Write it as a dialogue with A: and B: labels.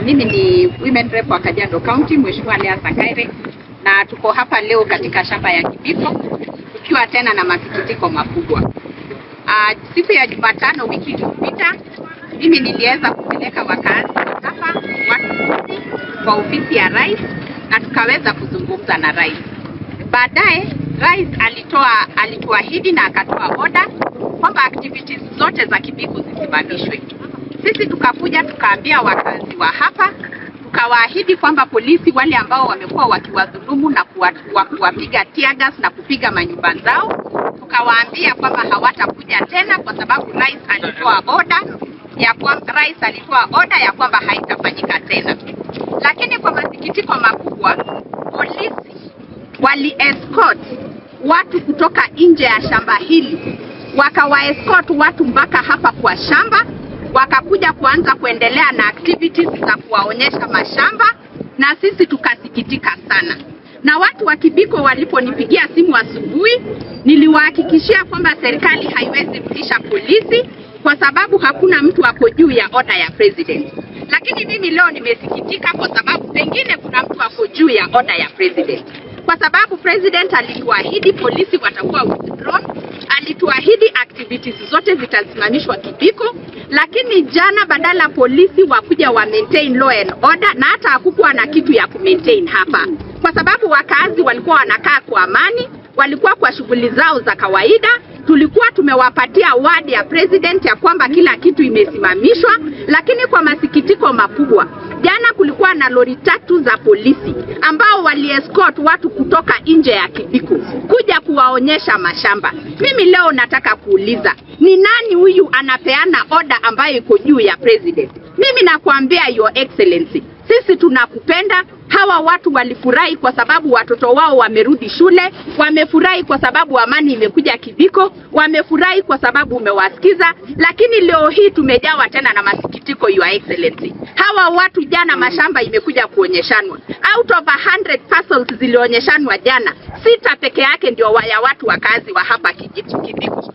A: mimi ni women rep wa Kajiado County, Mheshimiwa Lea Sakaire, na tuko hapa leo katika shamba ya Kibiko tukiwa tena na masikitiko makubwa. Ah, siku ya Jumatano wiki iliyopita mimi niliweza kupeleka wakazi hapa kwa ofisi ya rais na tukaweza kuzungumza na rais. Baadaye rais alitoa alituahidi na akatoa oda kwamba activities zote za Kibiko zisimamishwe. Sisi tukakuja tukaambia wakazi wa hapa, tukawaahidi kwamba polisi wale ambao wamekuwa wakiwadhulumu na kuwapiga gas na kupiga manyumba zao, tukawaambia kwamba hawatakuja tena kwa sababu rais alitoa oda ya kwamba rais alitoa oda ya kwamba haitafanyika tena, lakini kwa masikitiko makubwa polisi wali escort watu kutoka nje ya shamba hili escort watu mpaka hapa kwa shamba wakakuja kuanza kuendelea na activities za kuwaonyesha mashamba, na sisi tukasikitika sana. Na watu wa Kibiko waliponipigia simu asubuhi, niliwahakikishia kwamba serikali haiwezi mtisha polisi kwa sababu hakuna mtu ako juu ya oda ya president. Lakini mimi leo nimesikitika kwa sababu pengine kuna mtu ako juu ya oda ya president, kwa sababu president alituahidi polisi watakuwa Alituahidi activities zote zitasimamishwa kibiko, lakini jana badala polisi wakuja wa maintain law and order, na hata hakukuwa na kitu ya ku maintain hapa, kwa sababu wakazi walikuwa wanakaa kwa amani, walikuwa kwa shughuli zao za kawaida. Tulikuwa tumewapatia word ya president ya kwamba kila kitu imesimamishwa, lakini kwa masikitiko makubwa, jana kulikuwa na lori tatu za polisi ambao aliescort watu kutoka nje ya Kibiku kuja kuwaonyesha mashamba. Mimi leo nataka kuuliza ni nani huyu anapeana oda ambayo iko juu ya president? Mimi nakuambia your excellency sisi tunakupenda. Hawa watu walifurahi kwa sababu watoto wao wamerudi shule, wamefurahi kwa sababu amani imekuja Kiviko, wamefurahi kwa sababu umewasikiza. Lakini leo hii tumejawa tena na masikitiko, Your Excellency. Hawa watu jana, mashamba imekuja kuonyeshanwa, out of 100 parcels zilionyeshanwa jana, sita peke yake ndio waya watu wakazi wa hapa kijiji Kiviko.